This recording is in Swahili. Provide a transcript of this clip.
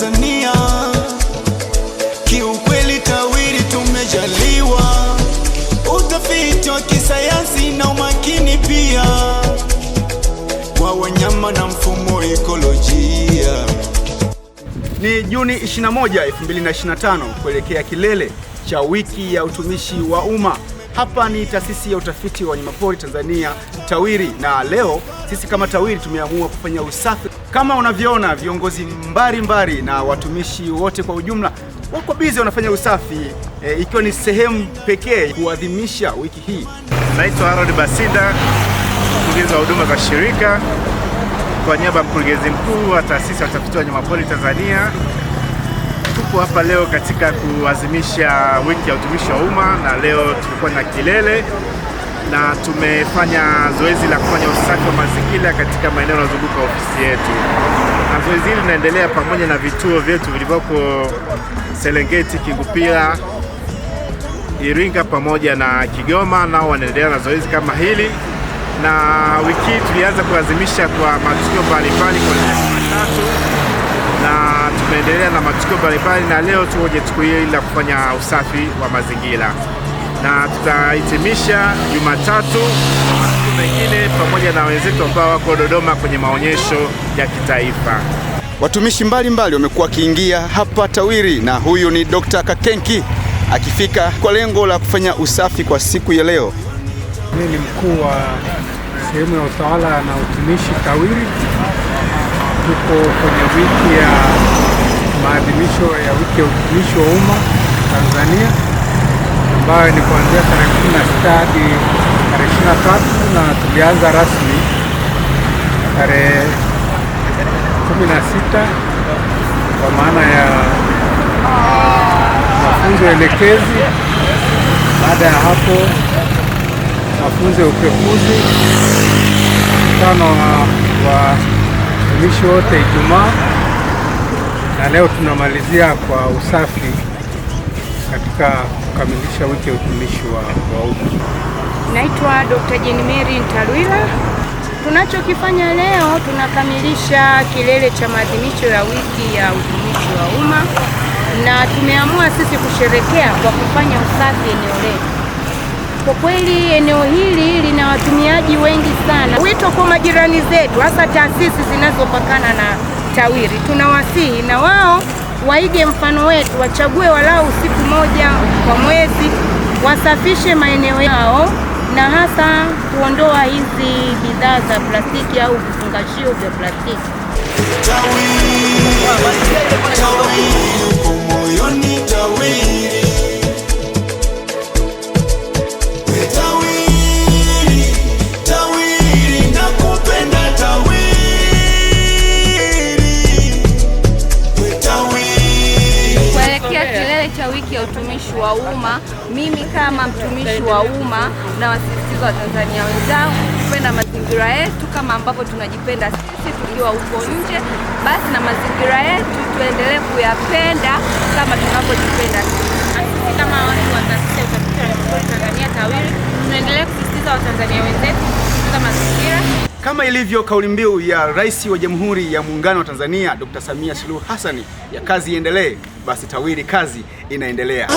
Tanzania kiukweli TAWIRI tumejaliwa utafiti wa kisayansi na umakini pia kwa wanyama na mfumo ekolojia. Ni Juni 21, 2025 kuelekea kilele cha wiki ya utumishi wa umma. Hapa ni taasisi ya utafiti wa wanyamapori Tanzania TAWIRI, na leo sisi kama TAWIRI tumeamua kufanya usafi kama unavyoona viongozi mbalimbali mbali na watumishi wote kwa ujumla wako bizi wanafanya usafi e, ikiwa ni sehemu pekee kuadhimisha wiki hii. Naitwa Harold Basida, mkurugenzi wa huduma za shirika, kwa niaba ya mkurugenzi mkuu wa taasisi ya utafiti wa wanyamapori Tanzania. Tuko hapa leo katika kuadhimisha wiki ya utumishi wa umma, na leo tulikuwa na kilele na tumefanya zoezi la kufanya usafi wa mazingira katika maeneo yanayozunguka ofisi yetu, na zoezi hili linaendelea pamoja na vituo vyetu vilivyoko Serengeti, Kigupira, Iringa pamoja na Kigoma, nao wanaendelea na zoezi kama hili, na wiki hii tulianza kuazimisha kwa matukio mbalimbali kuanzia tatu, na tumeendelea na matukio mbalimbali, na leo tuoje tukio hili la kufanya usafi wa mazingira na tutahitimisha Jumatatu siku mengine pamoja na wenzetu ambao wako Dodoma kwenye maonyesho ya kitaifa. Watumishi mbalimbali wamekuwa wakiingia hapa TAWIRI na huyu ni Dr. Kakenki akifika kwa lengo la kufanya usafi kwa siku ya leo. Mimi ni mkuu wa sehemu ya utawala na utumishi TAWIRI. Tuko kwenye wiki ya maadhimisho ya wiki ya utumishi wa umma Tanzania ambayo ni kuanzia tarehe 16 hadi tarehe 23 na tulianza rasmi tarehe 16 kwa maana ya mafunzo elekezi. Baada ya hapo mafunzo ya upekuzi, mkutano wa watumishi wote Ijumaa, na leo tunamalizia kwa usafi katika kukamilisha wiki ya utumishi wa umma. Naitwa Dr. Jane Mary Ntalwila. Tunachokifanya leo tunakamilisha kilele cha maadhimisho ya wiki ya utumishi wa umma na tumeamua sisi kusherekea kwa kufanya usafi eneo letu. Kwa kweli eneo hili lina watumiaji wengi sana. Wito kwa majirani zetu, hasa taasisi zinazopakana na TAWIRI, tunawasihi na wao waige mfano wetu, wachague walau siku moja kwa mwezi wasafishe maeneo yao, na hasa kuondoa hizi bidhaa za plastiki au vifungashio vya plastiki. kilele cha wiki ya utumishi wa umma, mimi kama mtumishi wa umma na wasisitiza Watanzania wenzangu kupenda mazingira yetu kama ambavyo tunajipenda sisi tukiwa huko nje, basi na mazingira yetu tuendelee kuyapenda kama tunavyojipenda sisi kama watu wa taasisi ya utafiti wa Tanzania TAWIRI tunaendelea kusisitiza Watanzania wenzetu kutunza mazingira kama ilivyo kauli mbiu ya Rais wa Jamhuri ya Muungano wa Tanzania Dr. Samia Suluhu Hassan ya kazi iendelee, basi TAWIRI kazi inaendelea.